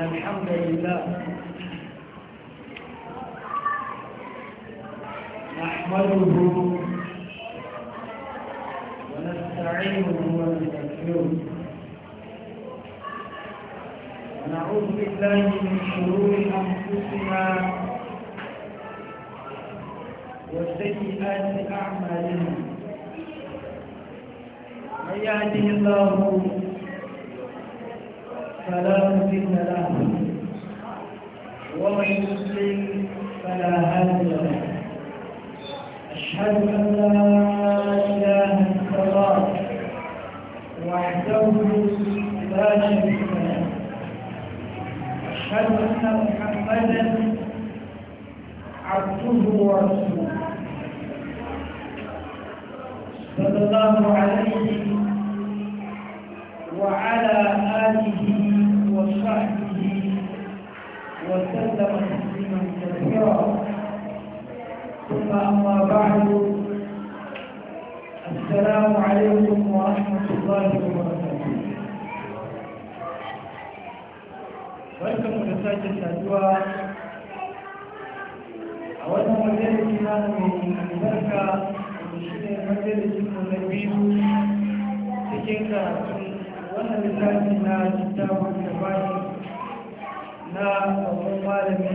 الحمد لله نحمده littafin shirmani na babban malami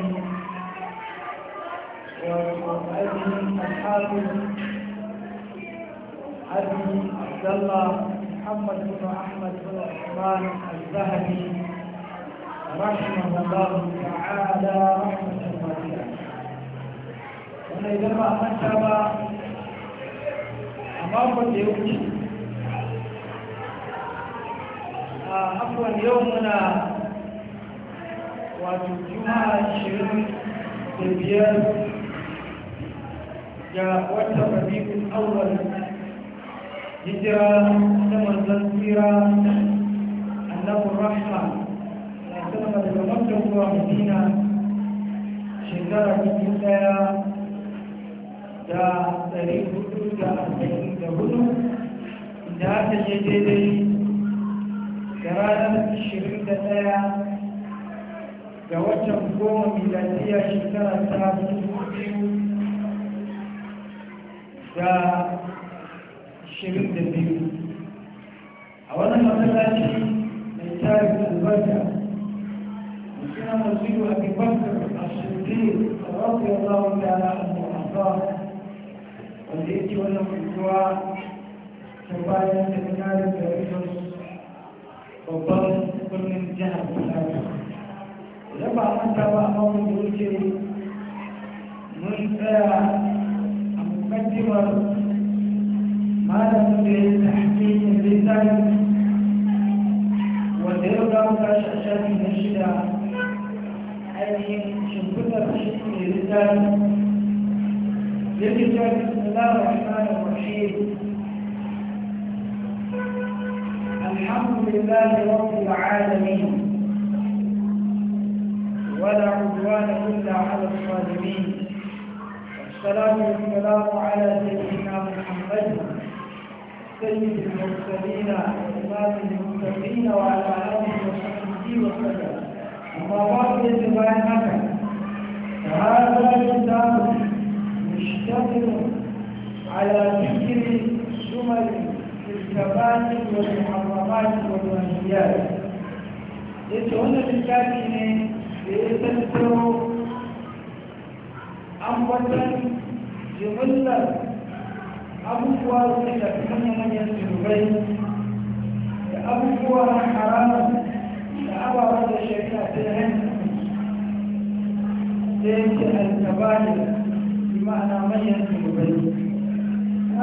wato ainihin alhalu abi abdallah muhammad bin ahmad bin usman al-zahabi رحمه الله تعالى رحمه واسعه wannan idan ba a manta ba a makon da ya wuce عفوا يوم منا wato juma'a ashirin da biyar ga wata rabi'ul awwal hijira ta manzon tsira annabi rahma na sama daga makka zuwa madina shekara dubu daya da ɗari hudu da arba'in da hudu da aka je daidai da ranar 21 ga watan goma miladiya shekara ta biyu da shirin da biyu a wannan matsalaci mai tarin albarka suna masu a bibakar a shirye a wasu ya zawo da na abuwa wanda yake wannan kutuwa ta bayan da na da rikin babban birnin jihar Fulani. Idan ba manta ba a mawuyin da wuce mun tsaya a mukaddimar malamin da ya tafi yin littafi wanda yau za mu tashi a shafi na shida ainihin shimfiɗar shi ne littafi. Yake cewa Bismillah ar-Rahman ar-Rahim الحمد لله رب العالمين ولا عدوان إلا على الظالمين والسلام والسلام على سيدنا محمد سيد المرسلين وإمام المتقين وعلى آله وصحبه وسلم أما بعد يتبعي مكة فهذا الكتاب مشتمل على ذكر سمر بالكفاءة والمحرمات والواجبات يتعون بالكاتبين ليتنسوا أموتا جملة أبوها وتكفن من يسلبين أبوها أبو لأبى رد شيئاتهن ليس الكبائر بمعنى من بيت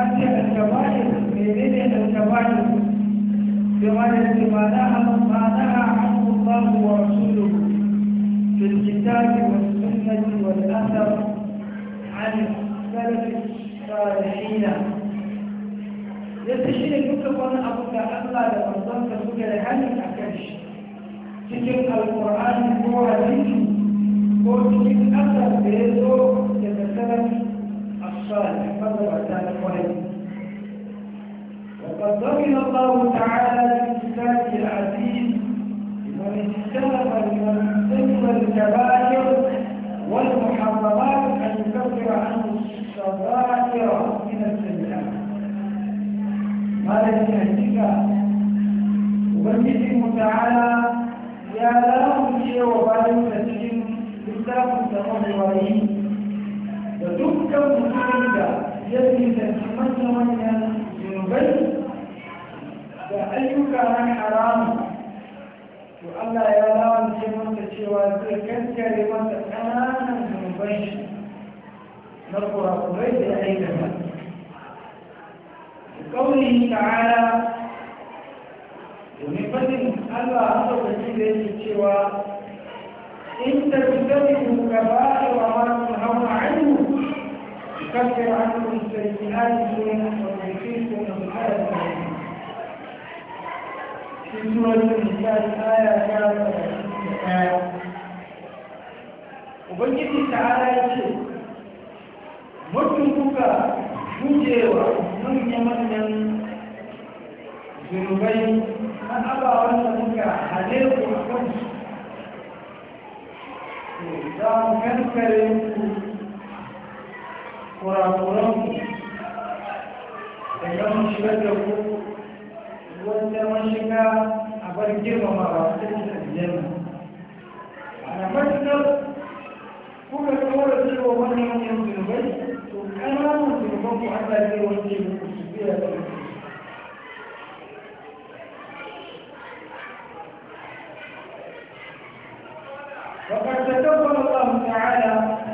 أنت الكبائر بيدين الكبائر بمعنى ما نهى عنه الله ورسوله في الكتاب والسنة والأثر عن السلف الصالحين yadda shi ne duka wani abu da Allah da manzonsa suka da hannun a kan shi cikin alƙur'ani ko hadisi ko cikin asar da ya zo daga sarari وقد ضمن الله تعالى كتابه العزيز من اجتنب من اجتنب الكبائر والمحرمات ان يكفر عنه الصغائر من السيئات ما الذي يهديك ubangijinmu تعالى يا lamunce wa bayan da cikin littafin da da dukkan mutumin da ya nisanci manya-manyan zunubai da ayyuka na haramu to Allah ya lawance masa cewa zai kankare masa ƙananan zunubai shi na kurakurai da ya aikata قوله تعالى domin fadin Allah maɗaukacin da yake cewa in ta fi zai ku gaba da wa masu hawa a يكفر عنكم سيئاتكم ويعطيكم الحياة في سورة النساء الآية الثالثة Ubangiji ta'ala ya ce, Mutum kuka gujewa manya-manyan zunubai na abawan da muka halewa a za kankare kurakuranku da yawan shigar da ku wanda mashiga a bar girmama ba su cikin aljanna a matuƙar kuka tsora cewa wannan yan zunubai to ƙananan zunuban ku an zafi wanda ya ku su biya da su وقد تكبر الله تعالى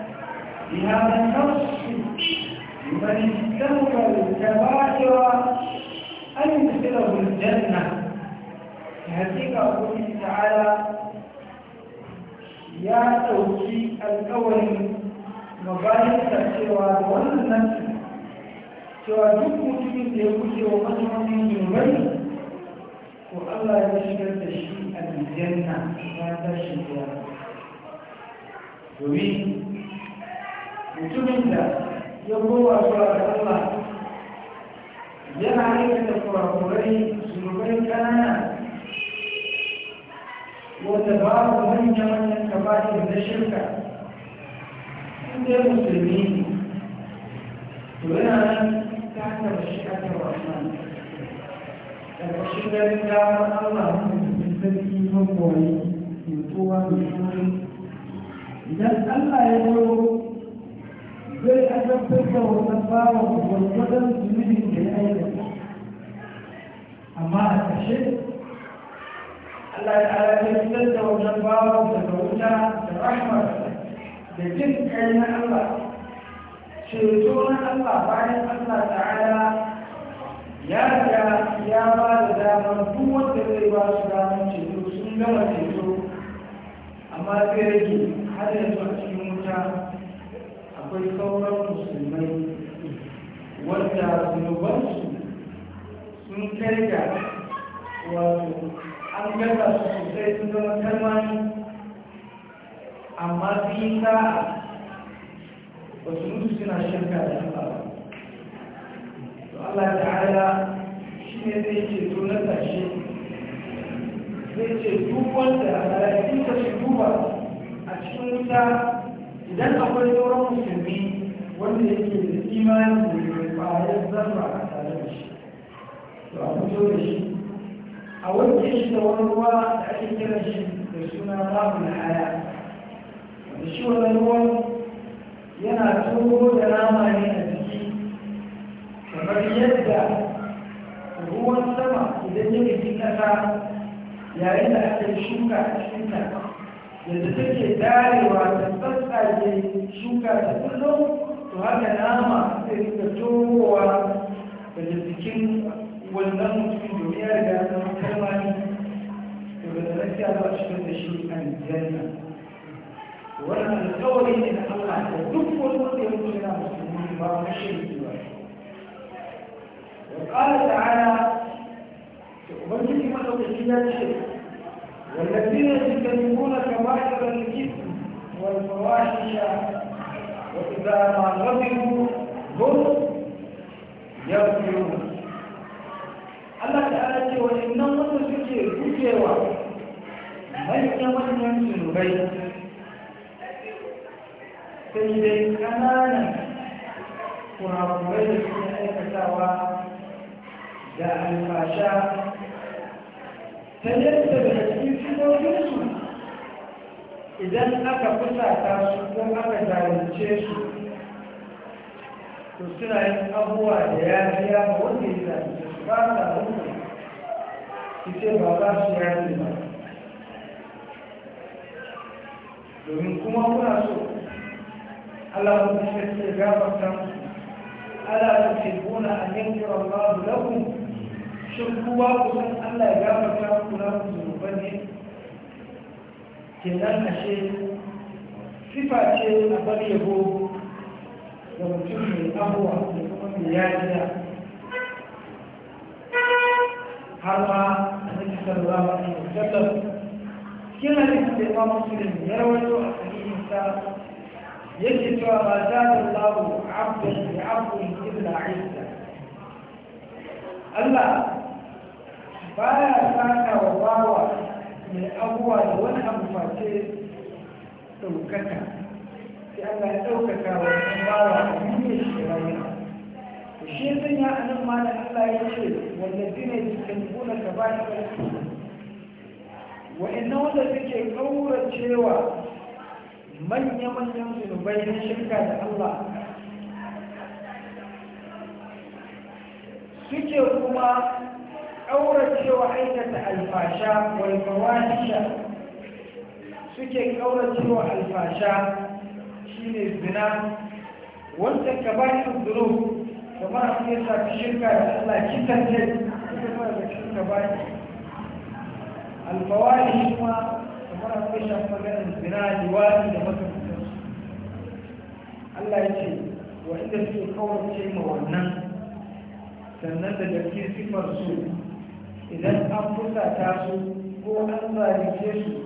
بهذا النص من استوفى الكبائر أدخله الجنة هذيك قوله تعالى يا توكي الأول مبالغ تكتوى والنفس cewa duk mutumin da ya kuce wa matsalolin zunubai ko Allah ya shigar da shi a aljanna ba ta shiga domin mutumin da ya kowa zuwa da Allah yana aikata kurakurai zunubai kanana wanda babu manya-manyan kabatin na shirka inda musulmi to yana nan ta hanyar shi'atar rahman da ƙarshen ganin damar allah mutum sarki magoyi mutuwa mai idan allah ya zo zai azabtar da wannan bawan gwargwadon zunubin da ya aikata amma a ƙarshe Allah ya ala ya fitar da wannan bawan daga wuta da rahmar da kai na Allah ceto na Allah bayan Allah ta'ala ya ga ya ba da damar duk wanda zai ba su sun gama ceto amma sai rage har yanzu cikin wuta akwai sauran musulmai wanda zunubansu sun kai ga wato an gaba su sosai sun zama kalmani amma sun yi sa'a ba su mutu suna shirka da ba to Allah ta'ala shi ne zai ce to na tashe zai ce duk wanda a cikin shi duba a cikin wuta idan akwai sauran musulmi wanda yake da imani mai kwayar zarra a tare da shi to a fito da shi a wanke shi da wani ruwa da ake kira shi da suna babu na haya da shi wani ruwan yana tsoro da nama ne a jiki kamar yadda ruwan sama idan ya fi kasa yayin da aka yi shuka a cikin kasa yadda take darewa ta tsatsa ke shuka ta kullum to haka nama zai rika towa daga jikin wannan mutumin domin ya riga ya zama kalmani to da lafiya za a shigar da shi a aljanna wannan alkawari ne na Allah da duk wani wanda ya mutu yana musulmi ba mu shirki ba wa qala ta'ala to ubangiji madaukakin ya ce والذين يتكلمون كواحد الجسم والفواحش واذا ما غضبوا هم يغفرون الله تعالى يقول ان الله الفكر فكر ليس من من بيت سيدين كمان قرابه بيت سيدين كتاوى جاء الفاشا فليس بحديث موجود إذا أنك كنت أتعشق أنك جاوزتش أن أبوة يا يا مولي إذا تشبعت أمي أن الله شيئا لما ومنكم أبو رسول ألا تنشك إجابة ألا تحبون أن أن أن أن أن أن ينكر الله لكم shin ku ba ku san Allah ya gafarta muku na ku zunuban ne kenan ashe sifa ce a bar yabo ga mutum mai abuwa da kuma mai yajiya har ma annabi sallallahu alaihi wasallam kina da ke ba muslim ya rawaito a sahihin sa yake cewa ba za ta Allah abdan bi abdin illa izza Allah ba ya saka wa bawa mai abuwa da wani abu face ɗaukaka sai Allah ya ɗaukaka wa bawa a duniya shi rayuwa to shi sun ya anan ma da Allah ya ce wallazina yusalluna kaba'ira wa'annan wanda suke kauracewa manya-manyan zunubai na shirka da Allah suke kuma ƙauracewa aikata alfasha wal fawahisha suke ƙauracewa alfasha shine zina wanda ka ba shi duru kamar fiye sa shafi shirka da Allah kitan ne ita kuma da cikin ka ba shi alfawahi kuma kamar abin ya shafi maganar zina liwani da makamantarsu Allah ya ce wa inda suke kaurace ma wannan sannan da gaske sifar su idan an fusata su ko an zalice su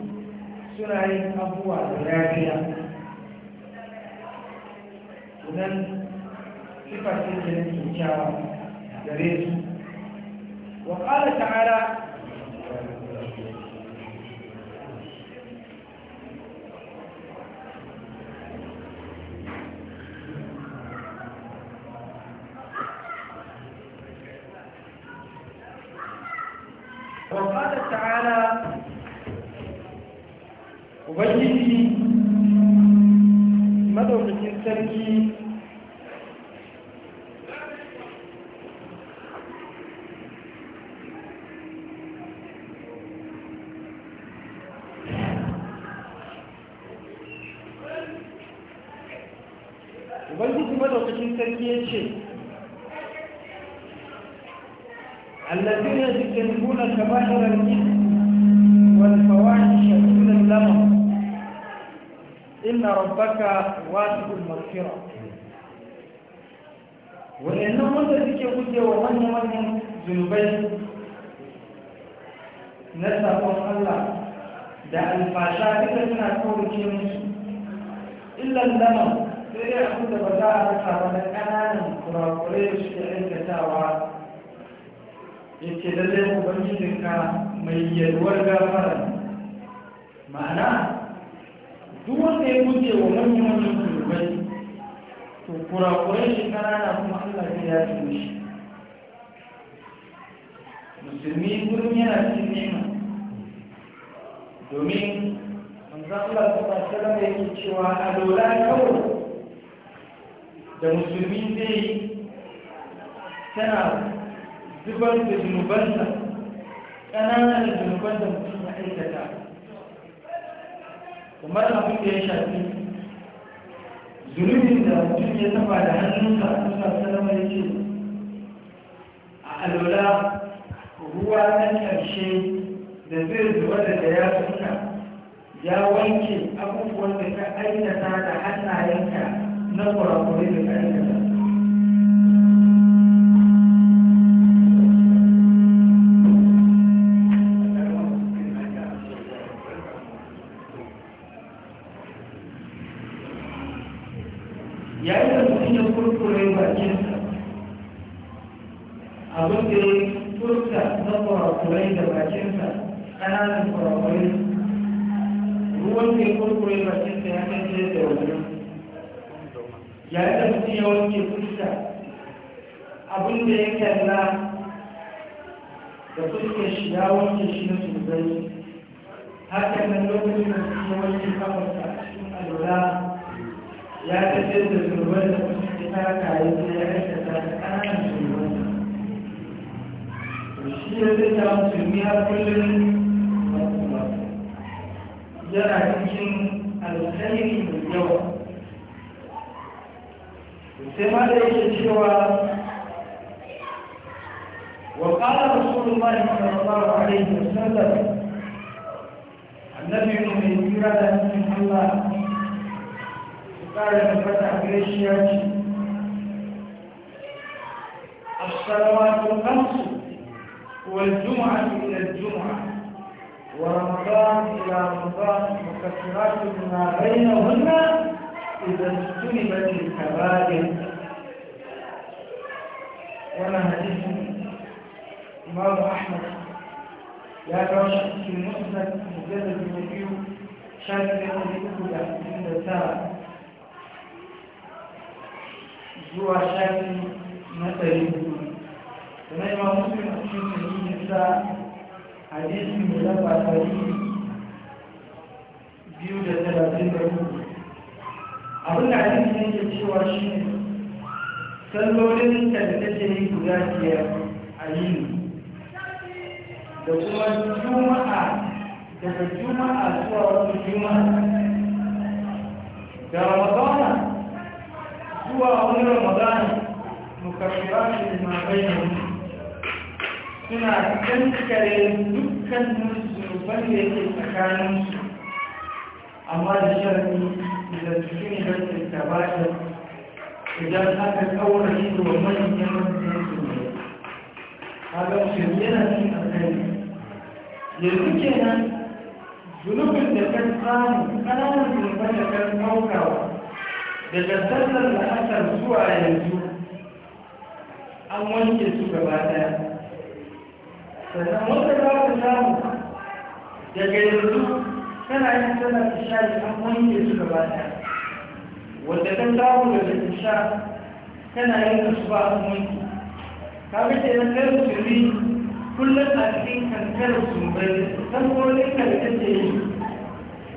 suna yin abubuwa da yafiya idan sifar ce kyakkyawa gare su wa ta'ala sarki مغفرة وإنه وانت ذكي قد ومن من Na sakon Allah da alfasha duka suna kawarce musu illan lama sai dai abin da ba za a rasa ba na ƙananan kurakurai da suke aikatawa ya ce lallai ubangijinka mai yalwar gafara ma'ana duk wanda ya guje wa manyan manyan turbai to kurakurai shi kanana kuma Allah zai yafi mishi musulmi gurin yana cikin nema domin manzan Allah ta fashe da yake cewa a lola kawo da musulmi zai tana zubar da zunubansa ƙananan zunuban da mutum ya aikata kamar abin da ya shafi zunubin da mutum ya taba da hannunsa a kusa salama ya ce a alola ruwa na ƙarshe da zai zuwa da ya suka ya wanke abubuwan da ka aikata da hannayenka na kurakurai da ka aikata kullum yana cikin alkhairi mai yawa sai ma da yake cewa wa qala rasulullahi sallallahu alaihi wasallam annabi ne mai jira da cikin Allah tsara da fata gaishiya ce as-salawatu khamsu والجمعة إلى الجمعة ورمضان إلى رمضان مكسرات ما بينهن إذا اجتنبت الكبائر وأنا حديث الإمام أحمد يا كوشك في المسند مجلد الوفي شاكر يقول لك ترى هو شاكر مثلي kuma imam muslim cikin sa hadisi mai lamba biyu da talatin da uku abin da hadisi yake cewa shi ne sallolin take yi guda biyar a yini da kuma juma'a daga juma'a zuwa juma'a da ramadana zuwa wani ramadana da ma suna kankare dukkan zunuban da yake tsakanin su amma da sharfi, da cikin harshen da idan aka kawar shi wa manyan manyan su ne kaga musulmi yana cin alkali yanzu kenan zunubin da kan samu kananan zunuban da kan ɗaukawa daga sallar da asar zuwa yanzu an wanke su gaba daya sannan wanda za ka samu daga yanzu tana yin tana ta sha da an da suka ba ɗaya wanda ta samu daga ta tana yin da su ba an wanke ka ga ke nan kar su bi kullum a cikin kankar su bai san ko ne ka da take yi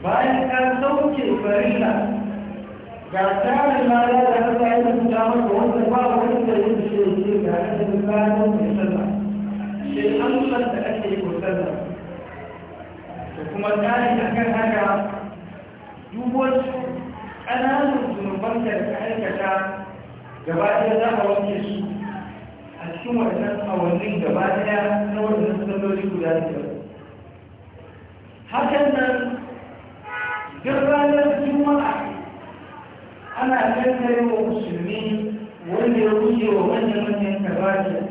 bayan ka sauke farilla ga tsarin lada da ta sa yi da su damar da wanda ba wanda ya ce ke ga ɗan da kayan mai sallah shi an da ake yi musalla da kuma tsari a kan haka duk ƙananan zunuban da ta aikata gaba ɗaya za a wanke su a cikin waɗannan awannin gaba ɗaya na waɗannan salloli guda biyar hakan nan duk ranar juma'a ana kankare wa musulmi wanda ya wuce wa manyan manyan kabari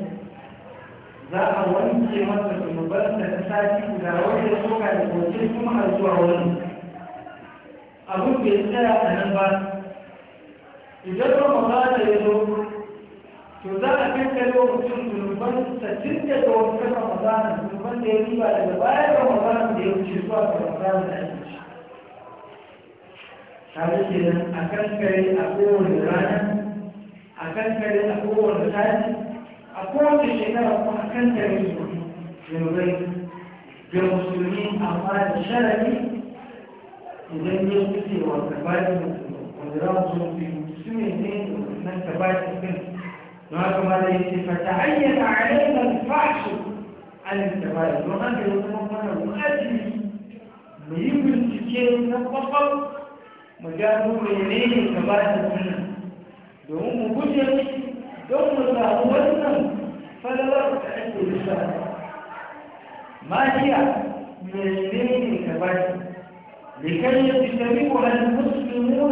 za a wanke masa zunuban da ta sati guda wanda ya soka da kwanci kuma har zuwa wani abin da ya tsaya a nan ba idan ramadana ya zo to za a kankare wa mutum zunuban sattin da ga wata ramadana zunuban da ya riba daga bayan ramadana da ya wuce zuwa ga ramadana da ake ci tare ke nan a kankare a kowane rana a kankare a kowane sati a kowace shekara kuma kan tare zunubai ga musulmi amma da sharari idan ya fice wa tabbatin wanda za mu zo su ne ne nan tabbatin din don haka ma da yake fata ayyana a yankan fashin an tabbatin don haka ya zama mana wajibi mu yi bincike na kwakwal mu gano menene tabbatin din domin mu guje ثم ما هو النم فلا وقت عنده ما هي من الدين كبير لكي يتجنبها المسلمون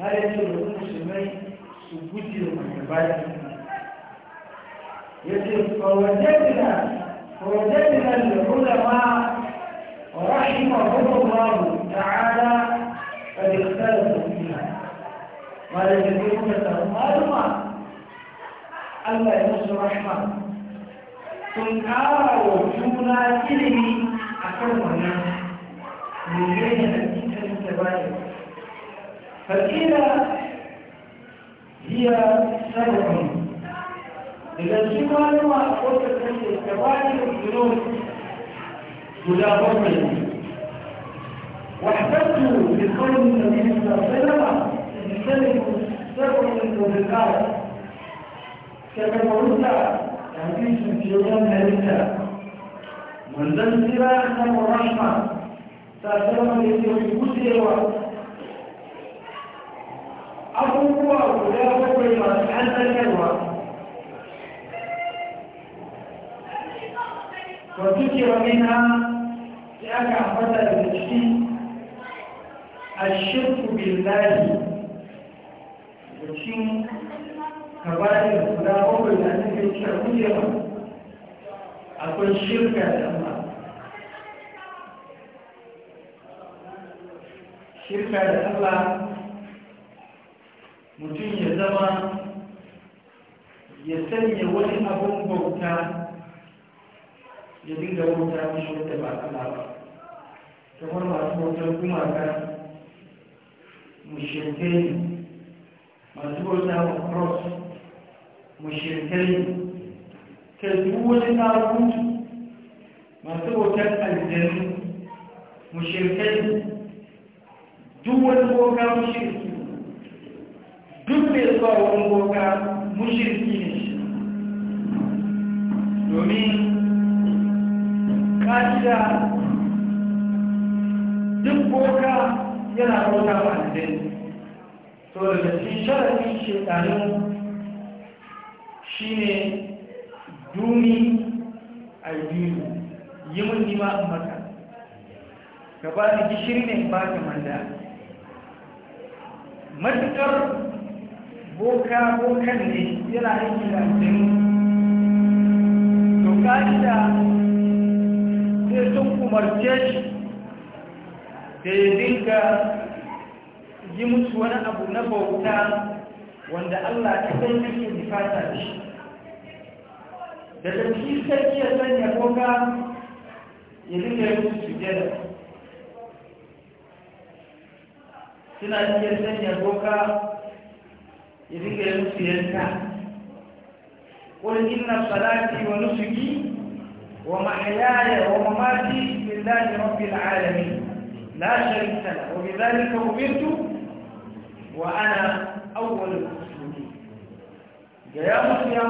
ما يجب المسلمين سجودهم كبير يجب فوجدنا فوجدنا العلماء رحمهم الله تعالى قد اختلفوا فيها ما يجب ان تكون Allah ya musu rahma sun ƙara wa juna ilimi a kan wannan mai da cikin da bayan fakila hiya sabon daga shi malama a kota kashe da bayan zuno guda bakwai واحتجت بقول النبي صلى الله عليه وسلم بسبب سبب وبالقارب كتبوتا يعني سنتيوان هلتا منذن سراء نمو رحمة تأثيرا يتيوان كسيوا أبوكوا ولا أبوكوا حتى كوا وذكر منها لأكا حفظة التشكيل الشرك بالله وشين kabarin guda bakwai da ake kira gujewa akwai shirka da Allah shirka da Allah mutum ya zama ya sanya wani abun bauta ya dinga bauta mishi wadda ba Allah ba kamar masu bautar mu mushirkai masu bauta ma cross mushirkai ta wani tarukunci masu wutar aljanu mushirkai duk wani boka mushirki duk mai zuwa wani boka mushirki ne shi domin ƙa'ida duk boka yana bauta wa sau da daga cikin sharafi shekarun shine duni a duni yi mun nima a maka ka ba da gishiri ne ba ka manda matuƙar boka bokan ne yana aiki da jini to da sai sun kumarce shi da ya dinka yi mutu wani abu na bauta wanda Allah ta kai nake nufata da shi da tafi sarki ya sanya koka ya dinga yi su sujada suna iya sanya koka ya dinga yi su yanka قل إن صلاتي ونسكي ومحياي ومماتي لله رب العالمين wa شريك له وبذلك wa ana أول المسلمين da ya mutu ya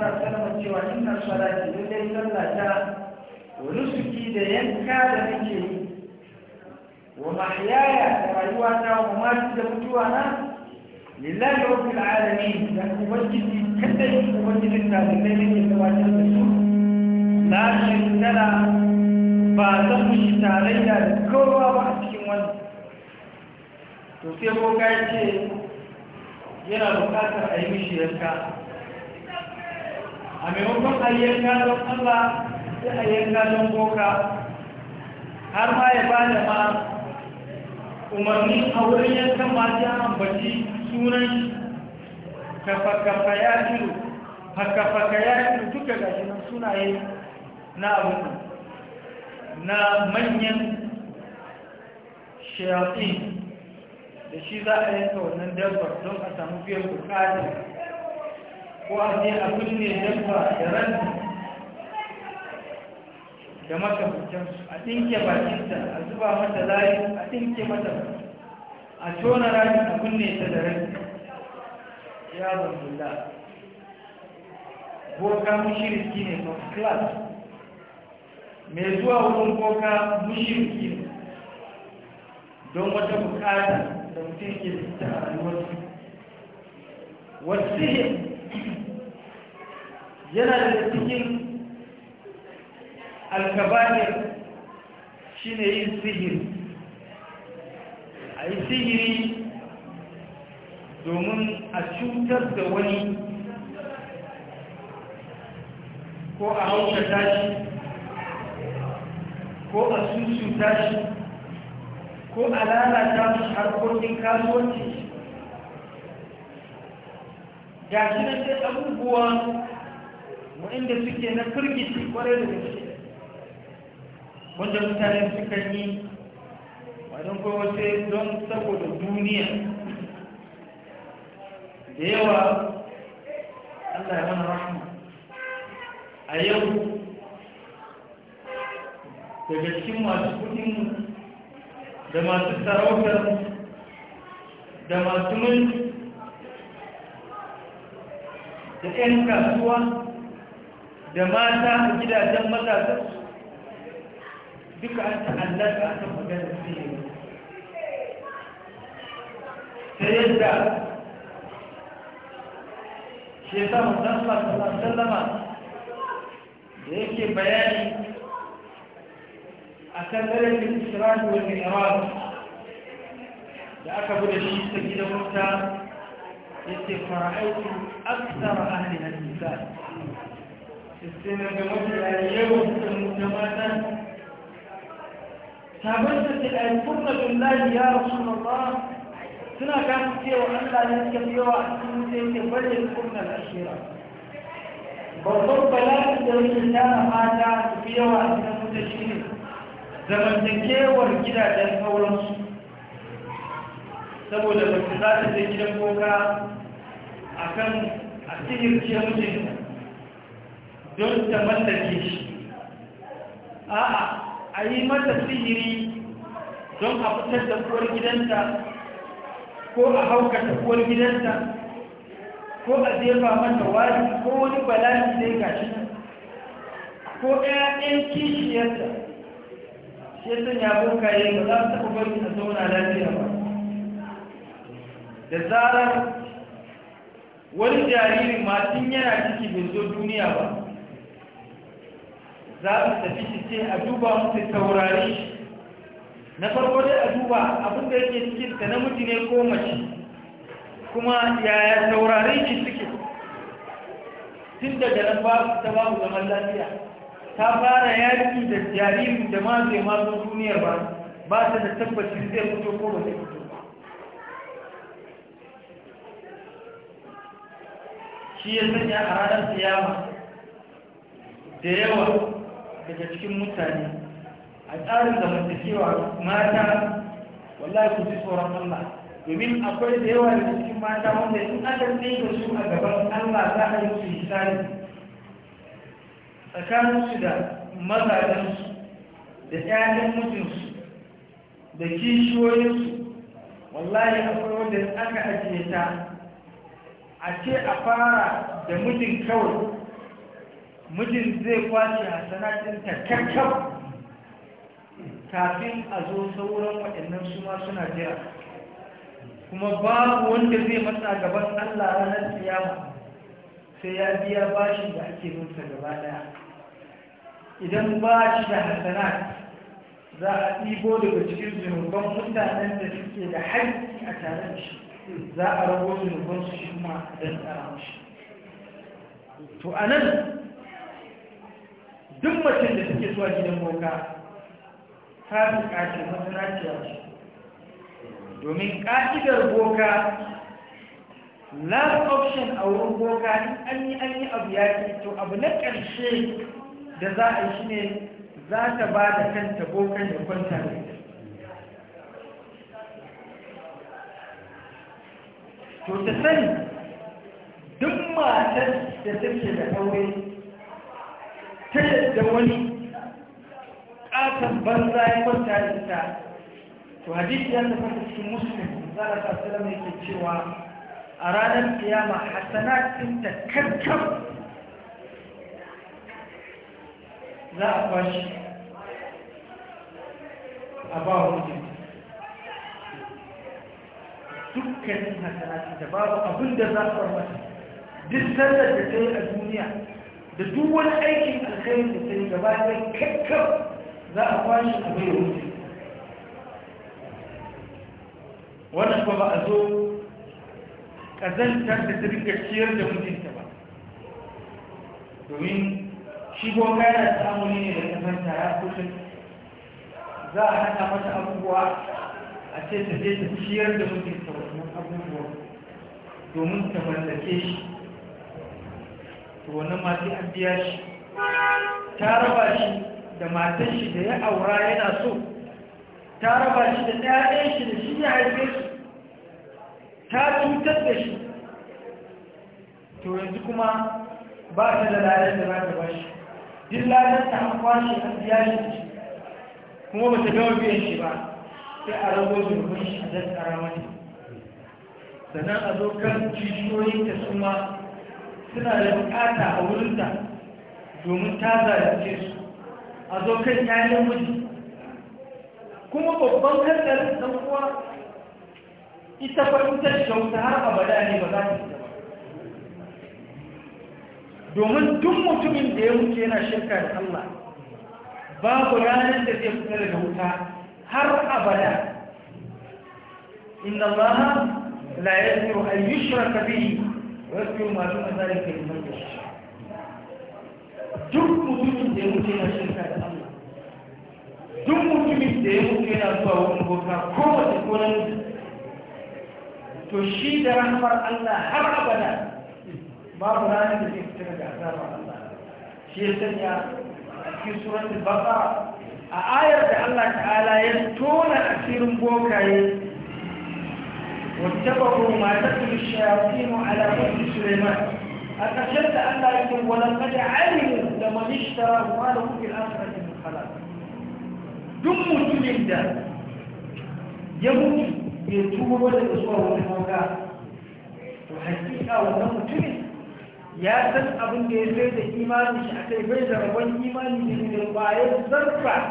ta kalmar cewa inna salati lallai sallata wa nusuki da yanka da nake yi wa mahyaya da rayuwata wa mamaki da mutuwa na lillahi rabbil alamin da ubangiji kadai ubangijin da lallai nake gabatar da su la shirka ba zan mu shi tarayya da kowa ba a cikin wani. to sai boka ya ce yana bukatar a yi mishi yanka a maimakon ayyanka don Allah sai ayyanka don boka har ma ya ba da ma umarni a wurin yankan masu ambaci sunan kafa-kafa ya tilo fakafaka ya tilo duka sunaye na abu na manyan shayafi da shi za a yanka wannan dabbar don a samu biyan bukatar ko a je a kunne dabba da ranta da mata makamantansu a ɗinke bakinta a zuba mata layi a ɗinke mata a tona rami a kunne ta da ranta ya bambula boka mushiriki ne of class mai zuwa wurin boka mushiriki ne don wata bukata da mutum ke da ta a rayuwarsu wasu yana da cikin alkabair shi ne yin sihiri a yi sihiri domin a cutar da wani ko a hauka shi ko a susuta shi ko a lalata harkokin kasuwanci ga na sai abubuwa waɗanda suke na firgiti kwarai da gaske wanda mutane suka yi wadon kuma sai don saboda duniya da yawa allah ya mana rahama a yau daga cikin masu kudin da masu sarautar da masu mulki da 'yan kasuwa da mata a gidajen matasa duka an ta'allaka a kan maganar ta yadda shi ya samu ɗansa sallama da yake bayani a kan ɗarfin wani da aka bude shi ta gidan wuta لذلك رأيت أكثر أهل النساء السنة جمجل اليوم المجمدة تابلت الآن فضل بالله يا رسول الله سنة كانت فيه وأن لا ينسك فيه وأن تنسك فيه الفضل الأشيرة وضرب لا تدريك لنا ما جاءت فيه وأن تنسك فيه زمن تنكي ورجل أجل saboda mace za ta je gidan boka a kan a sihirce mutum don ta mallake shi a'a a yi mata sihiri don a fitar da kuwar gidanta ko a haukata uwar gidanta ko a zefa mata wari ko wani bala'i sai gashi ko ɗayan kishiyarta shi sun ya sanya yi ba za su taɓa bari na zauna lafiya ba da zarar wani jaririn matin yana ciki bin zo duniya ba za su tafi shi ce a duba musu taurari na farko dai a duba abin da cikin ta namiji ne ko mace kuma yaya taurari ki suke tun daga nan ba ta ba mu zaman lafiya ta fara yaki da jaririn da ma zai mazon duniya ba ba ta da tabbacin zai mutu ko ba zai shi ya sanya a ranar siyama da yawa daga cikin mutane a tsarin zamantakewa mata wallahi ku ji tsoron Allah domin akwai da yawa daga cikin mata wanda in aka tsaye su a gaban Allah za a yi su tsakanin tsakaninsu da mazajensu da 'ya'yan mutunsu da kishiyoyinsu wallahi akwai wanda aka ajiye ta a ce a fara da mijin kawai mijin zai kwace a sanatin takakkaf kafin a zo sauran waɗannan su ma suna jira kuma babu wanda zai matsa gaban allah ranar tsiyama sai ya biya bashin da ake nunsa gaba daya idan ba shi da hasanat za a ɗibo daga cikin zunuban mutanen da suke da haƙƙi a tare da shi za a rago zunuban su shi ma a tsara mashi to a nan duk mutum da suke zuwa gidan boka ta buƙaci masanaciya ce domin ƙa'idar boka last option a wurin boka an yi an yi abu ya ce to abu na ƙarshe da za a yi shi ne za ta ba da kanta bokan da kwanta da to ta sani duk matar da take da aure ta yadda wani ƙatan banza ya kwanta da ita to hadith ya tafi cikin muslim zara ta salama mai cewa a ranar kiyama hasanatin ta kankan za a kwashi a ba wa dukkanin hasanatu da babu abin da za a farmata duk sallar da ta yi a duniya da duk wani aikin alkhairi da ta yi gaba da kakkar za a kwashe a bai wuce wannan ba ba a zo ƙazantar da ta rika ciyar da mutunta ba domin shi boka yana samun ne da ƙasar tara kullum za a haɗa mata abubuwa a ce ta je ta ciyar da mijinta abubuwa domin ta mallake shi to wannan ma sai shi ta raba shi da matan shi da ya aura yana so ta raba shi da ɗayan shi da shi ya haife shi ta cutar da shi to yanzu kuma ba ta da lalata da za ta ba shi duk lalata an kwashe an biya shi kuma ba ta gama biyan shi ba sai a rago zurfin shi a dan tsara mata sannan a zo kan kishiyoyin ta su ma suna da bukata a wurinta domin ta zarace su a zo kan yayin miji kuma babban kankarin ɗan kuwa. ita fahimtar shauta har abada ne ba za ta ba domin tun mutumin da ya wuce yana shirka da Allah babu ranar da zai fitar da wuta har abada inna Allah لا يذكر أن يشرك به ويذكر ما دون ذلك لمن يشاء duk mutumin da ya mutu yana shirka da Allah duk mutumin da ya mutu yana zuwa wani boka kowace ko na to shi da rahmar Allah har abada babu ranar da zai azabar Allah shi ya sanya a cikin suratul a ayar da Allah ta'ala ya tona asirin bokaye واتبعوا ما تكتب الشياطين على قبر سليمان اخشيت ان لا يكون ولقد علموا لمن اشترى ماله في الاخره من خلاق دم سليم ده يموت يتوب ولا يصور من فوقها وحسيت او دم سليم يا سيد ابو نيزي إيمان ايماني حتى يبين ربوان ايماني من الوايه الزرقاء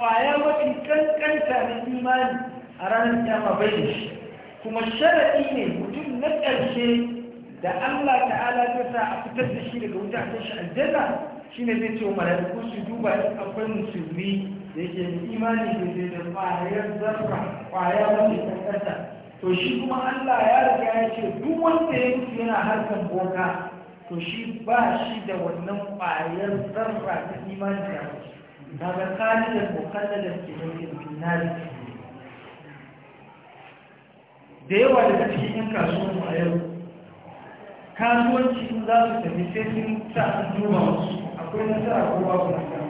وايه ما كان كان كان ايماني اراني يا ما kuma sharaɗi ne mutum na ƙarshe da Allah ta'ala ta sa a fitar da shi daga wuta a shi aljanna shine zai ce mara ko su duba in akwai musulmi da yake da imani da zai da ƙwayar zarra ƙwaya wanda ta ƙasa to shi kuma Allah ya riga ya ce duk wanda ya mutu yana harkan boka to shi ba shi da wannan ƙwayar zarra ta imani da mace daga kalilin mukallalar ke da da yawa daga cikin yan kasuwan a yau kasuwanci za su tafi sai sun sa an duba wasu, akwai nasara ko babu nasara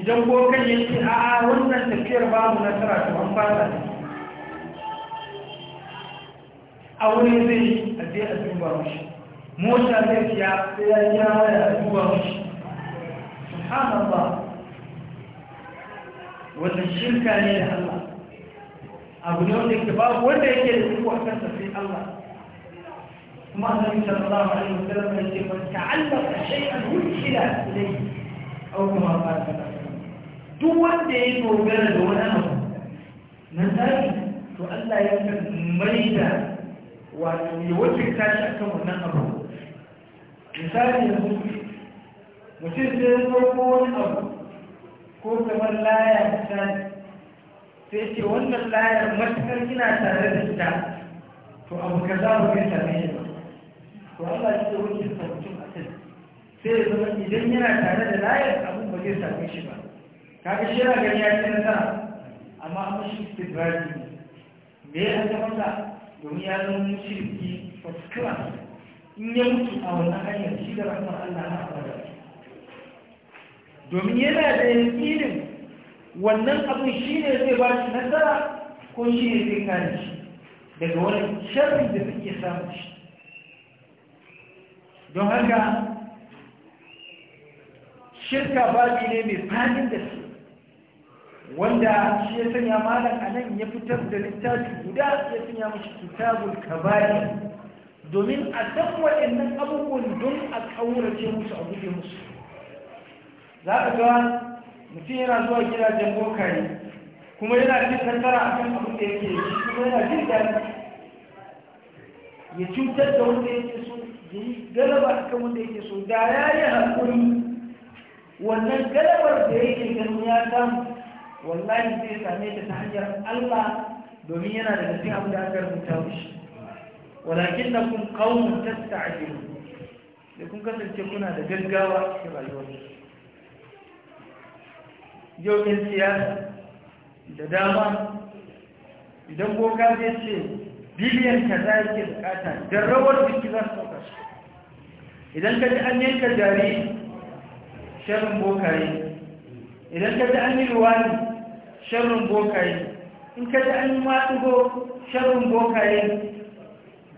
idan ko kan yake a'a wannan tafiyar babu nasara to an fara a wuri zai yi a je a duba mushi mota zai siya sai ya yi waya a duba mushi subhanallah wannan shirka ne da Allah abu ne wanda yake babu wanda yake da iko a kansa sai Allah kuma annabi sallallahu alaihi wasallam ya ce man ta'allaqa shay'an wukila ilayhi aw kama qala duk wanda ya dogara da wani abu na tsari to Allah ya san maida wato ya wakilta shi akan wannan abu misali yanzu mutum sai ya wani abu ko kamar laya misali sai ce wannan layar matakar kina tare da ita to abu ka za mu kai same shi ba to Allah shi da wani sabbin asali sai ya zama idan yana tare da layar abin ba zai sami shi ba ga shi yana gani ya ce nasara amma an mashi ne. me ya ta masa domin ya zama mushriki first class in ya mutu a wannan hanyar shi da rahmar Allah na abada domin yana da yakinin wannan abin shi ne zai ba shi nasara ko shi ne zai kare shi daga wani sharri da suke samu shi don haka shirka babi ne mai fadin da su wanda shi ya sanya malam a nan ya fitar da littafi guda ya sanya mashi kitabul kabari domin a san waɗannan abubuwan don a ƙaurace musu a guje musu za a ga mutum yana zuwa gidajen bokaye kuma yana jin tattara a kan abin da yake yi kuma yana jin daɗi ya cutar da wanda yake so ya yi galaba a kan wanda yake so da ya yi haƙuri wannan galabar da yake ganin ya samu wallahi zai same ta ta hanyar allah domin yana da cikin abin da aka rubuta shi walakin na kun kawo mutasta a da kun kasance kuna da gaggawa a cikin rayuwar yau ɗin siyasa da dama idan boka zai ce biliyan ka za yake bukata da rawar jiki za su ɗauka idan ka ji an yanka jari sharrin bokaye idan ka ji an yi ruwani sharrin bokaye in ka ji an yi matsugo sharrin bokaye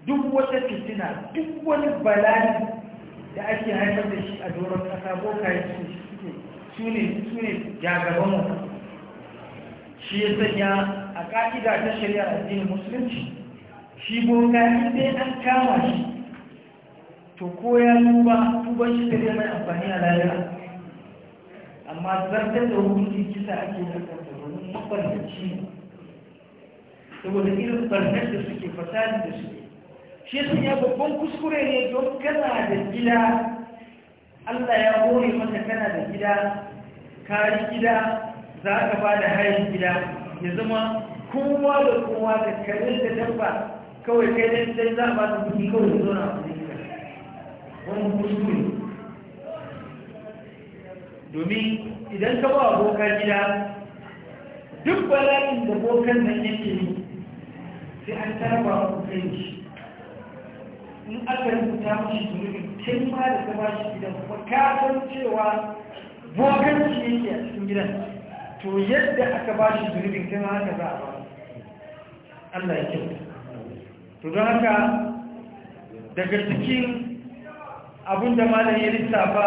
duk wata fitina duk wani bala'i da ake haifar da shi a doron kasa bokaye su su ne gaba ne shi ya sanya a ƙa'ida ta shari'ar addinin musulunci shi boka inda an kama shi to ko ya tuba tuba shi ta mai amfani a layar amma zartar da hukunci kisa ake zartar da wani mafarkaci ne saboda irin barnar da suke fasali da suke shi sun ya babban kuskure ne don kana da gida Allah ya hore maka kana da gida kari gida za ka ba da hayan gida ya zama kowa da kowa da karin da dabba kawai kai da dai za a ba su kuɗi kawai da zona a wani kuskure domin idan ka ba boka gida duk bala'in da bokan nan yake ne sai an tarba ku shi in aka rubuta mashi zunubin kin ma da ta ba shi gidan kuma ka cewa boganci yake a cikin gidan to yadda aka ba shi zunubin kan haka za a ba Allah ya kyau to don haka daga cikin abinda malam ya lissafa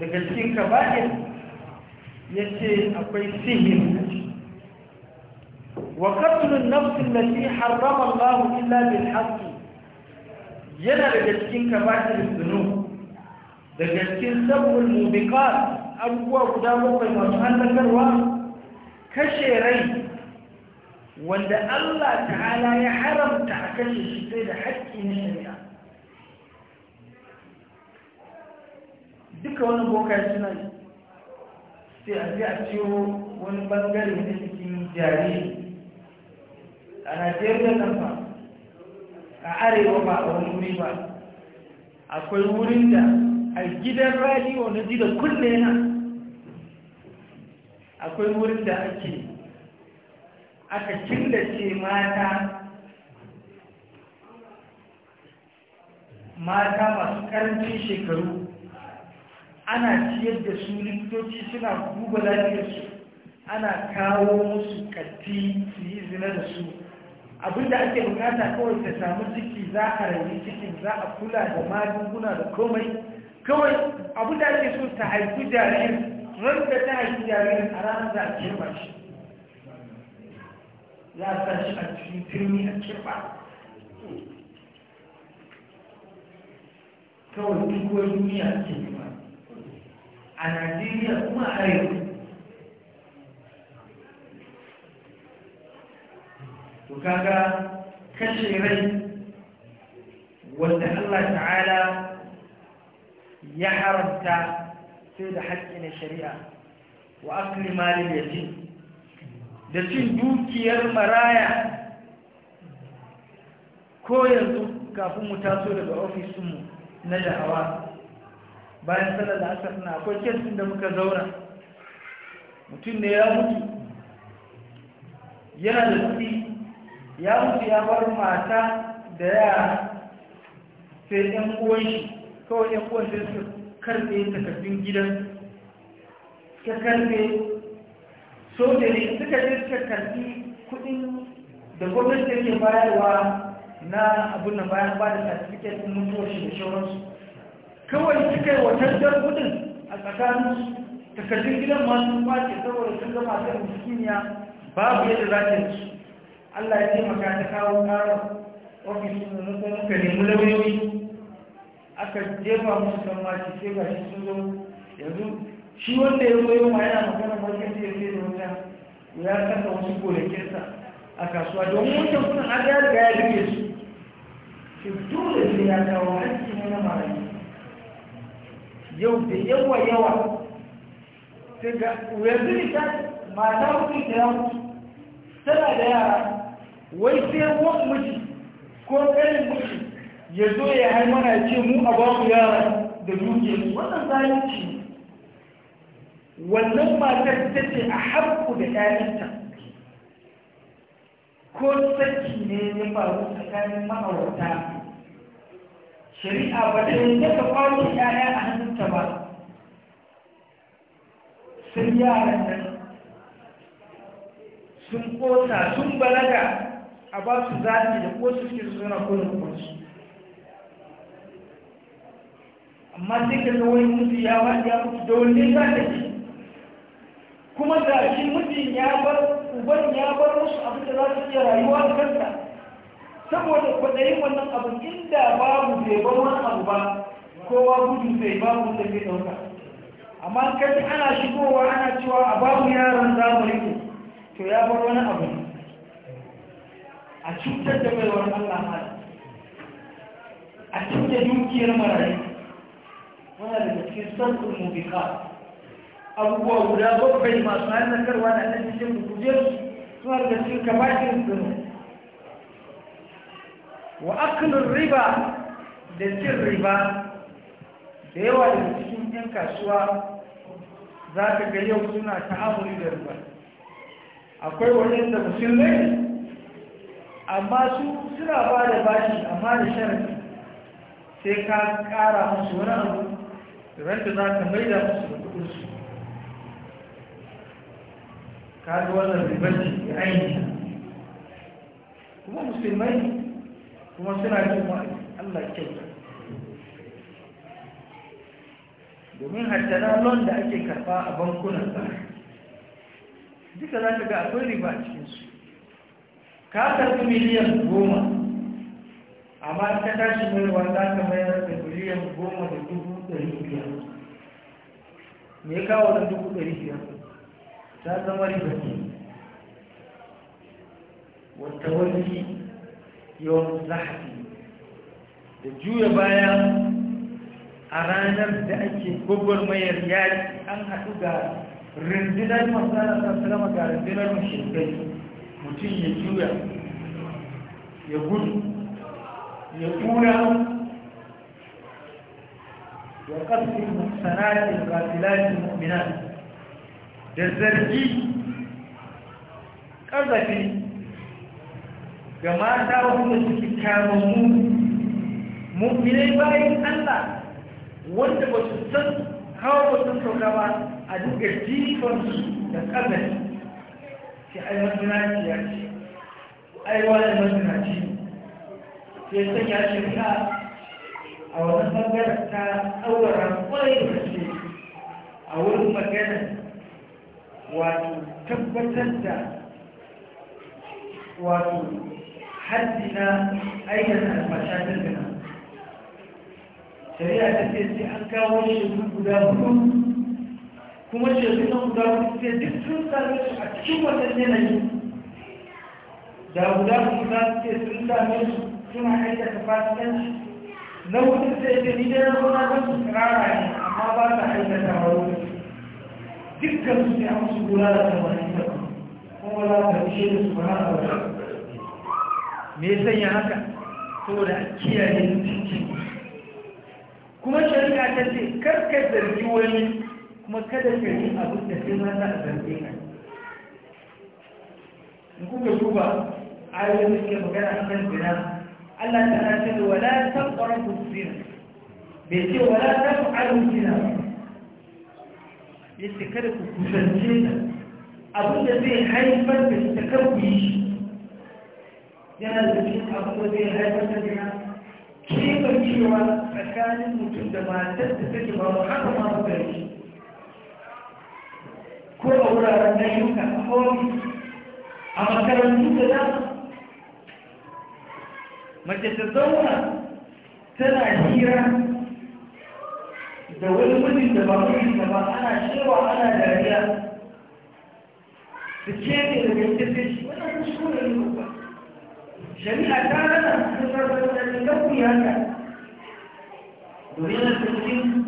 daga cikin kaba'ir ya ce akwai sihir wa qatlun nafsin lati harrama Allah illa bil haqq yana daga cikin kaba'ir dhunub daga cikin sabon mubikar abubuwa guda bakwai masu hannakarwa kashe rai wanda Allah ta'ala ya haramta a kashe shi sai da haƙƙi na shari'a duka wani boka suna sai a ji a ciwo wani bangare na cikin jari a najeriya nan ba a arewa ba a wani wuri ba akwai wurin da a gidan radiyo na ji da kulle na akwai wurin da ake aka killace mata mata masu karancin shekaru ana ciyar da su likitoci suna lafiyar lafiyarsu ana kawo musu katti su yi zina da su abinda ake bukata kawai ta samu ciki za a rayu cikin za a kula da magunguna da komai kawai abu da ake so ta haifi jaririn ran da ta haifi jaririn a ranar da ake kirba shi za a sa shi a cikin turmi a kirba kawai dukkan duniya ce kuma a najeriya kuma a yau to kaga kashe rai wanda allah ta'ala ya haramta sai da haƙƙi na shari'a wa akli malin yatim da cin dukiyar maraya ko yanzu kafin mu taso daga ofisinmu na da'awa bayan sanar da asar na akwai kesin da muka zauna. mutum ne ya mutu yana da kuɗi ya mutu ya bar mata da yara sai ɗan uwan shi kawai yan uwan da suka karbe takardun gidan suka karbe sojari suka je suka karbi kudin da gwamnati take bayarwa na abin da bayan ba da certificate din mutuwar shi da shauransu kawai suka yi jar kudin a tsakanin takardun gidan masu kwace saboda sun gama ta miskiniya babu yadda za ta ci Allah ya taimaka ta kawo ƙarar ofis muka nemi lauyoyi aka jefa musu kan mashi sai ga shi sun zo yanzu shi wanda ya zo yau ma yana magana wajen da ya ce da wuta ya kasa wasu gonakinsa a kasuwa domin wancan kudin an ya riga ya rike su shi dole sai ya kawo hanci ne na marayu yau da yawa yawa sai ga yanzu ne ta mata hudu ta mutu tana da yara wai sai wani miji ko ƙarin miji ya zo ya hai mana ce mu a ba mu yara da duke wannan zalunci wannan matar ta ce a haƙƙu da ƴaƴanta ko saki ne ya faru tsakanin ma'aurata shari'a ba ta yi daga faru ƴaƴa a hannunta ba sun yaran nan sun kosa sun balaga a ba su zafi da ko su suke suna ko kuma su amma sai ka wani mutu ya ba ya mutu da wani nisa da ke kuma da shi mutum ya bar uban ya bar musu abu da za su iya rayuwa da kanta saboda kwaɗayin wannan abu inda babu bai bar wani abu ba kowa gudu bai babu da zai ɗauka amma kai ana shigowa ana cewa a babu yaran zamani to ya bar wani abu a cutar da mai wani allah a cikin dukiyar marayu muna da cikin sarkun mubika abubuwa guda bakwai masu hannakarwa na ɗan cikin su har da cikin kamashin zuru wa aklin riba da cin riba da yawa daga cikin 'yan kasuwa za ka ga yau suna ta amuri da riba akwai da waɗanda ne amma su suna ba da bashi amma da sharafi sai ka ƙara musu wani abu ran za ka maida musu da kudin su ka zo wannan ribanci da ainihi kuma musulmai kuma suna kuma Allah kyauta domin hattana lon da ake karba a bankunan ba duka za ka ga akwai riba a cikinsu ka karbi miliyan goma amma ta tashi mai wanda ka mayar da miliyan goma da dubu ɗari biyar me ya kawo wannan dubu ɗari biyar ta zama riba ce wata wani yawan zahafi da juya baya a ranar da ake gwagwarmayar yaki an haɗu ga rundunar masana ta salama ga rundunar mashirkai mutum ya juya ya gudu ya tura وقتل المحسنات القاتلات المؤمنات da zargi ƙazafi ga mata wanda suke kamammu mummunai bayan allah wanda ba su san hawa ba sun sauka ba a duka jifansu da ƙazafi sai aiwatunaci ya ce aiwatunaci sai sanya shirka أو نحن جرسنا أولا وليس الشيء أول ما كان وتكبتنت وحدنا أيضا المشاكل بنا شريعة السياسي أنك وشيطان قدامكم كما شيطان قدامكم السياسي سلطان أتشوف أتنين أجل داودان قدام السياسي سلطان أجل كما حيث أتفاق أنشوف na wuce da ce ni dai na zauna su kirara ne amma ba ta aikata wa wuce dukkan su ne an su kula da tamanin da kuma za ta fishe da su ba na me ya sanya haka saboda a kiyaye mutuncin kuma shari'a ta ce karka zargi wani kuma kada ka yi abin da sai mata a zarge ka in kuka duba ayoyin da suke magana a kan ألا تناشر ولا تقرب الزنا بيتي ولا تفعل الزنا يتكرك كشان جيدا أبدا بي حيفا بيتكوي جنال بيشين أبدا بي حيفا بيتكوي كيف يجيوا مكان مجد ما تتفك بها ما تتفك كل أورا رميوك أخوك أما كان مجد mace ta zauna tana hira da wani mijin da ba mijinta ba ana cewa ana dariya su ce ne da gaske sai shi wannan shi ne ba shari'a ta rana ta sarrafa da ta gabu ya ka domin da cikin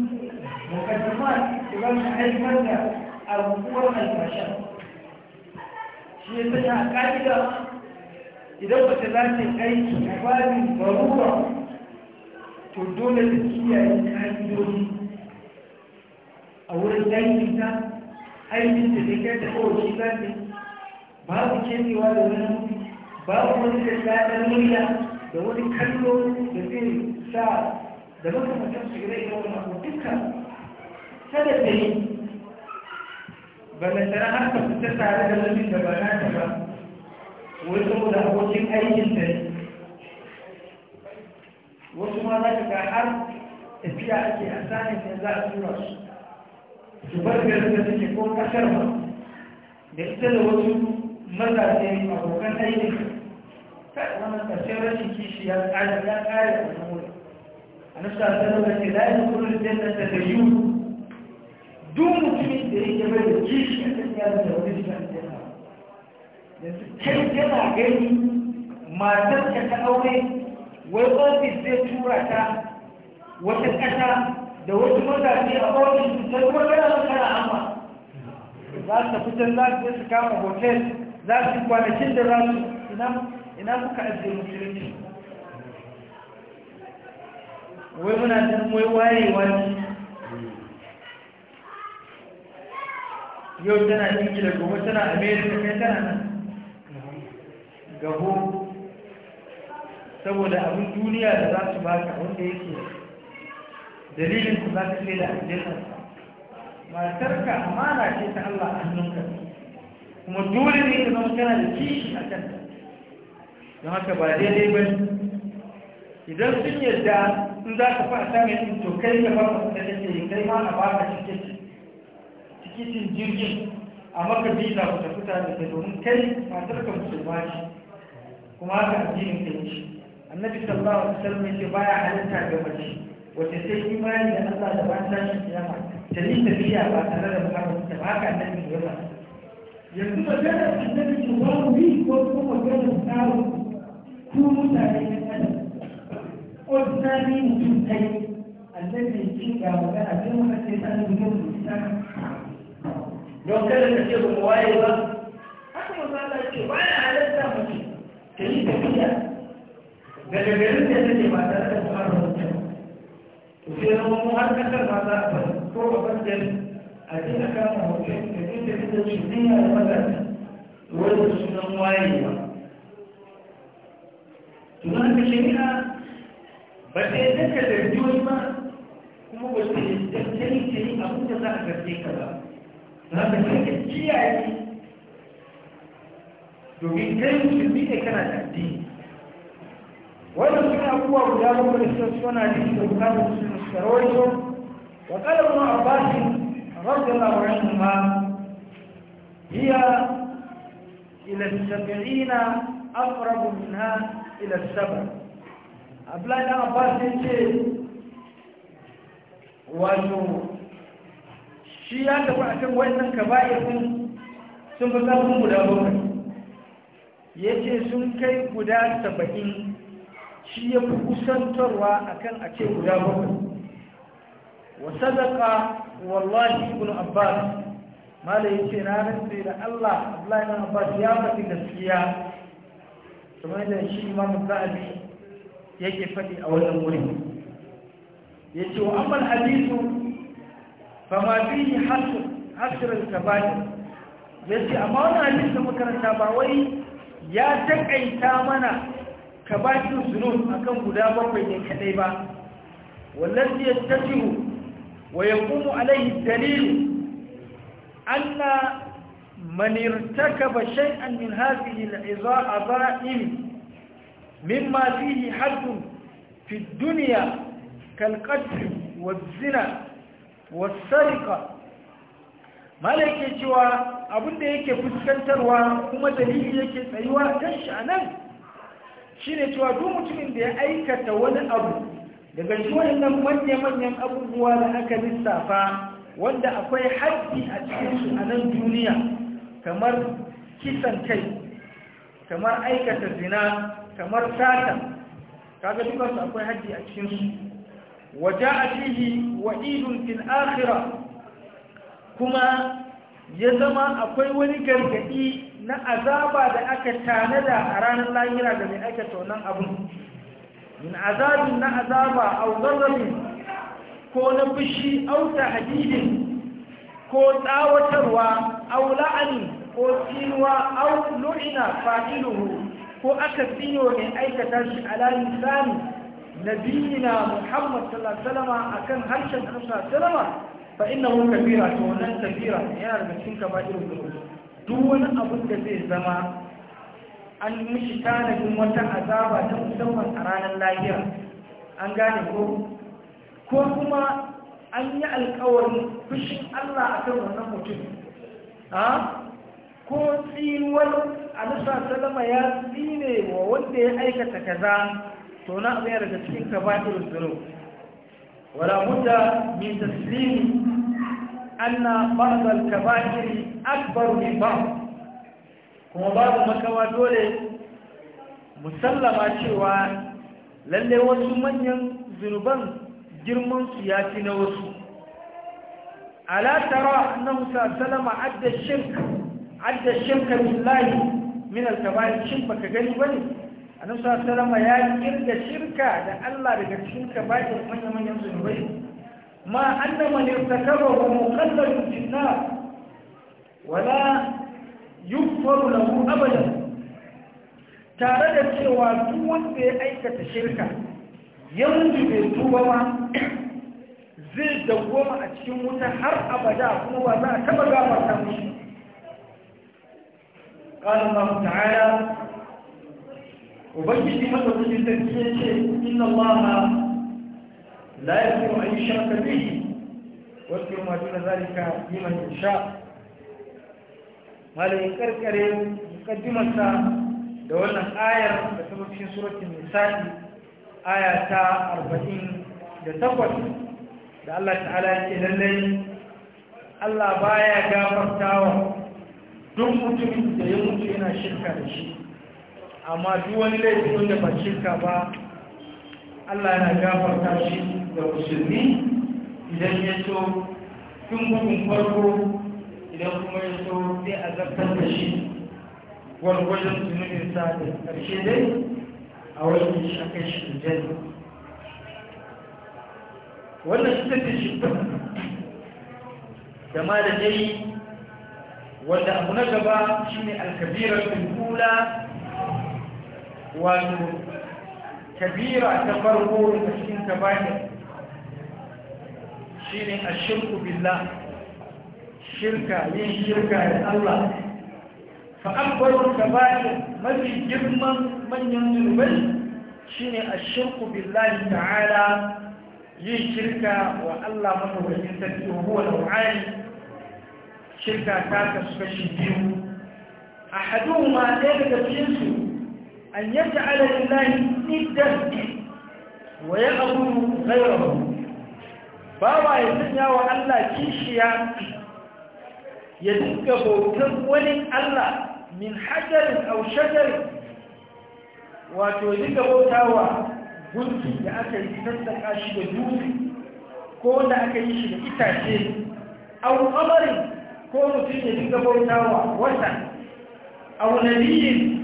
mukaddama da za su haifar da abubuwar alfashan shi ya sanya a ƙa'ida idan mace za ta aiki a babin barura to dole ta kiyaye ka'idoji a wurin aikin ta aikin da ta kai ta kowace za ta babu kemewa da wani babu wani da tsadar murya da wani kallo da zai sa da makamantar su ire iren wani abu duka sadar da yi ba na tara har ka fita tare da wani da ba na ta ba wai da abokin aikin da wasu ma za ka ga har tafiya ake a sanin da za a tura su su bar garin da suke ko kasar ba da ita da wasu mazaje abokan aikin kai wannan karshen rashin kishi ya ƙare ya ƙare a wannan wurin a nasa sanar da ke layin kullum jannata da yiwu duk mutumin da yake bai da kishi a kan yaro da wani jannata yanzu kai yana gani matar ka ta aure wai ofis zai tura ta wata ƙasa da wasu mazaje a ofis ta kuma kana son kana amma za su fitar za su su kama hotel za su kwanakin da za su ina kuka ajiye musulunci wai muna jin wai wayewa ne yau tana ingila gobe tana america kai tana nan gaho saboda abin duniya da za su baka wanda yake dalilin ku za ka ce da aljihar matarka amana ce ta Allah a hannunka kuma dole ne ka zama kana da kishi a kan don haka ba daidai ba idan sun yadda sun za ka fa ta mai to kai ga ba ka da kake kai ma na ba ka tiketi tiketin jirgin a maka visa ku tafi tare da domin kai matarka musulma ce kuma haka addinin ta ce annabi sallallahu alaihi wasallam yake baya halitta ga mace wace sai imani da Allah da ba ta shi kiyama ta yi tafiya ba tare da muhammadu ta ba haka annabi ya ba yanzu magana annabi ta ba mu yi ko kuma magana tsarin ku mutane na kada ordinary mutum kai annabi ya ci ga magana sai muka ce ta annabi ya rubuta don kada ka ce ba mu waye ba haka maza ta ce baya halitta mace ta tafiya daga garin da take ba da kuma rahoton to sai zama mu har kasar ba za a bari ko ba banjar a je a kama hoton da da duk da ba ta yi daga ba kuma ba su yi dankali ta yi abin da za a garje ka ba za ka sai ka kiyaye domin kai musulmi ne kana da addini wannan suna abubuwa guda bakwai da suka suna da shi da bukatu musulmi suka rawaito wa kala kuma a bashi rabin labarin ma hiya ila sabi'ina aqrabu minha ila sab'a abdullahi dan abbas ce wato shi ya tafi a akan wannan kaba'ir sun fi karfin guda bakwai ya ce sun kai guda saba'in shi ya fi kusantarwa akan a ce guda bakwai wa sadaka wallahi ibn abbas mala ya ce na rantse da allah abdullahi ibn abbas ya faɗi gaskiya kamar da shi imam zahabi yake faɗi a wannan wurin ya ce wa amma hadisu fa ma bi hasr hasr al-kaba'ir ya ce amma wannan hadisi makaranta ba wai ya taƙaita mana ka ba shi zunun a kan guda bakwai ne kaɗai ba wallan ya tafihu wa ya kuma alaihi dalilu an na manirtaka ba shay'an min hazihi al'iza a za'im mimma fihi haddun fi duniya kalkatri wa zina wa sarika malai ke cewa abinda yake fuskantarwa kuma dalili yake tsayuwa kan shi anan shine shi ne cewa duk mutumin da ya aikata wani abu daga cikin nan manya-manyan abubuwa da aka lissafa wanda akwai haddi a cikinsu a nan duniya kamar kisan kai kamar aikata zina kamar sata kaga dukansu akwai haddi a cikinsu waje a fihi wa fil akhirah kuma ya zama akwai wani gargadi na azaba da aka tanada a ranar lahira da mai aikata wannan abin min azabin na azaba au zarrabin ko na fushi au tahdidin ko tsawatarwa au la'ani ko tsinuwa au lu'ina fa'iluhu ko aka siyo mai aikata shi ala lisani nabiyina muhammad sallallahu alaihi akan harshen sallallahu alaihi fa inna mun kabira to wannan kabira yana daga cikin kaba'irul dhunub duk wani abu da zai zama an mishi tanadin wata azaba ta musamman a ranar lahira an gane ko ko kuma an yi alkawarin fushin Allah a kan wannan mutum ko tsinuwar alisa salama ya tsine wa wanda ya aikata kaza to na abu daga cikin kaba'irul dhunub ولا بد من تسليم أن بعض الكبائر أكبر من بعض kuma babu makawa dole musallama cewa lalle wasu manyan zunuban girmansu ya fi na wasu ala tara annahu sallama adda shirk adda billahi min al-kaba'ir shin baka gani bane annabi sallallahu ya kirga shirka da Allah daga cikin kaba'ir manyan manyan zunubai ma annama yartakabahu muqallal fi nar wala yukfaru lahu abadan tare da cewa duk wanda ya aikata shirka ya bai tuba ma zai dawoma a cikin wuta har abada kuma ba za a taba gafarta mushi قال الله تعالى ubangiji madaukakin sarki ya ce inna allaha la yaghfiru an yushraka bihi wa yaghfiru ma duna zalika liman yasha malamin karkare mukaddimarsa da wannan ayar da ta zo cikin suratul nisa'i aya ta 48 da Allah ta'ala ya ce lallai Allah baya gafartawa duk mutumin da ya mutu yana shirka da shi amma duk wani laifi wanda ba shirka ba Allah yana gafarta shi da musulmi idan ya so tun gudun farko idan kuma ya so sai a zartar da shi gwargwajon zunubinsa da ƙarshe dai a wajen shi aka shi wannan shi ta shi da ma da dai wanda abu na gaba shi ne alkabirar kula وانو كبيرة تقرب المسكين كبائر شين الشرك بالله شركة لين شركة لله فأكبر الكبائر من جرما من ينظر شين الشرك بالله تعالى لين شركة والله من هو الانتكي وهو لو عالي شركة كاتس فشي بيه أحدهما ذلك الجنس أن يجعل لله ندا ويعبد غيره bawa ya sanya wa Allah kishiya ya dinga bautan wani Allah min hajarin au shajarin wato ya dinga bautawa gunki da aka yi sassaka shi da dutse ko wanda aka yi shi da itace au amarin ko mutum ya dinga bautawa wata au nabiyin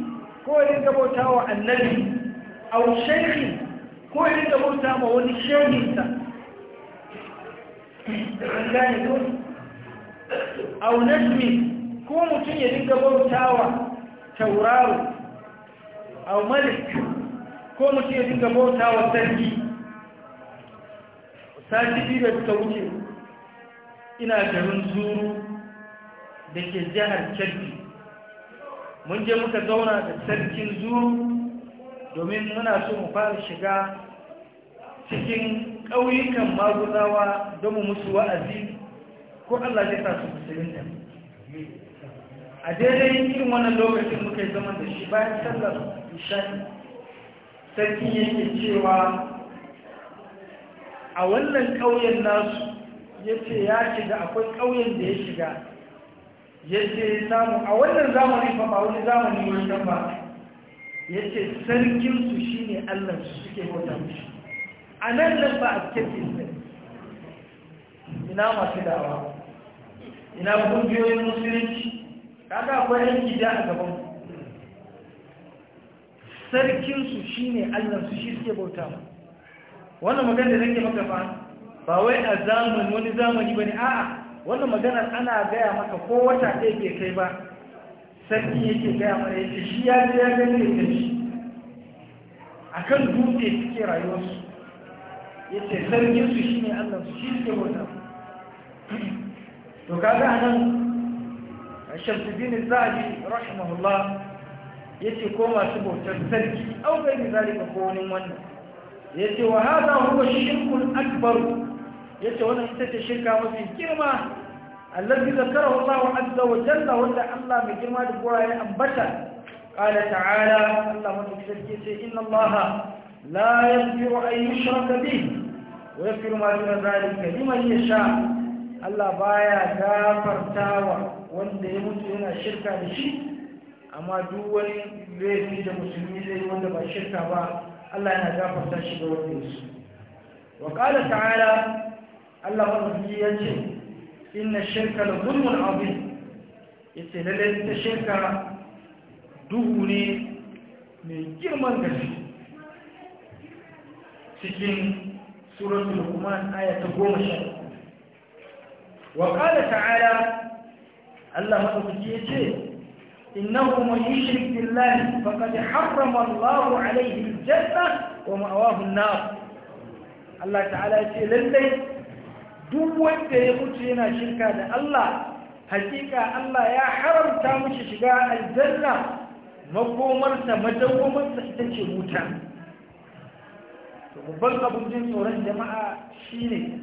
ko ya rinka bauta wa annabi a shaikhi ko ya rinka bauta ma wani shehinsa an gane ko aw najmi ko mutum ya dinga bauta wa tauraro a malik ko mutum ya dinga bauta wa sarki sati biyu da suka wuce ina garin zuru da ke jihar kirki mun je muka zauna da sarkin zuru domin muna so mu fara shiga cikin ƙauyukan maguzawa don mu musu wa'azi ko Allah ya sa su da a daidai yin wannan lokacin muka yi zama da shi bayan sallar ishani sarki yake cewa a wannan ƙauyen nasu ya ce ya shiga akwai ƙauyen da ya shiga yace samu a wannan zamani fa ba wani zamani wancan ba yace sarkin su shine Allah su suke bauta mishi anan nan ba a cikin sai ina masu dawa ina kungiyoyin musulunci kaga akwai yanki da a gaban sarkin su shine Allah su shi suke bauta wannan magana da nake maka fa ba wai a zamani wani zamani bane a'a wannan maganar ana gaya maka ko wata ɗaya ke kai ba sarki yake gaya mana ya ce shi ya je ya gani da shi a kan dutse suke rayuwarsu Ya ce sarki su shi ne su shi suke wata to kaga a nan shamsuddin zahabi rahimahullah ce ko masu bautar sarki au bai zalika ko wani wannan ce wa hada huwa shirkul akbar yace wannan ita ce shirka mafi girma allazi zakarahu Allahu azza wa jalla wanda Allah mai girma da gora ya ambata qala ta'ala Allah mutum sarki sai inna Allah la yaghfiru an yushraka bihi wa yaghfiru ma duna zalika liman yasha Allah baya gafartawa wanda ya mutu yana shirka da shi amma duk wani laifi da musulmi zai wanda ba shirka ba Allah yana gafarta shi da wanda wa qala ta'ala Allah mafi ya ce inna shirka da zulmun abin ya ce lalle ta shirka duhu ne mai girman gaske cikin suratul lukman aya ta goma sha wa ƙada ta'ala Allah mafi ya ce إنه من يشرك بالله فقد حرم الله عليه الجنة ومأواه النار الله تعالى يقول للي duk wanda ya mutu yana shirka da Allah hakika Allah ya haramta mishi shiga aljanna makomarsa madawwamarsa ita ce wuta babban abin jin tsoron jama'a shine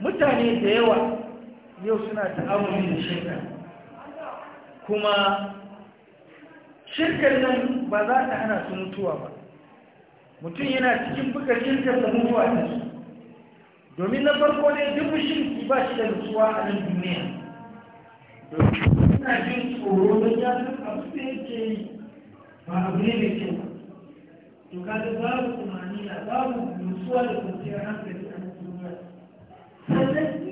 mutane da yawa yau suna ta'amuli da shirka kuma shirkar nan ba za ta hana su mutuwa ba mutum yana cikin buga shirkar da mutuwa ta su domin na farko ne duk mushriki ba shi da nutsuwa a nan duniya ina jin tsoro don ya san abu da yake ba abu ne mai kyau to kaga babu tunani na babu nutsuwa da kwanciyar hankali a duniya sannan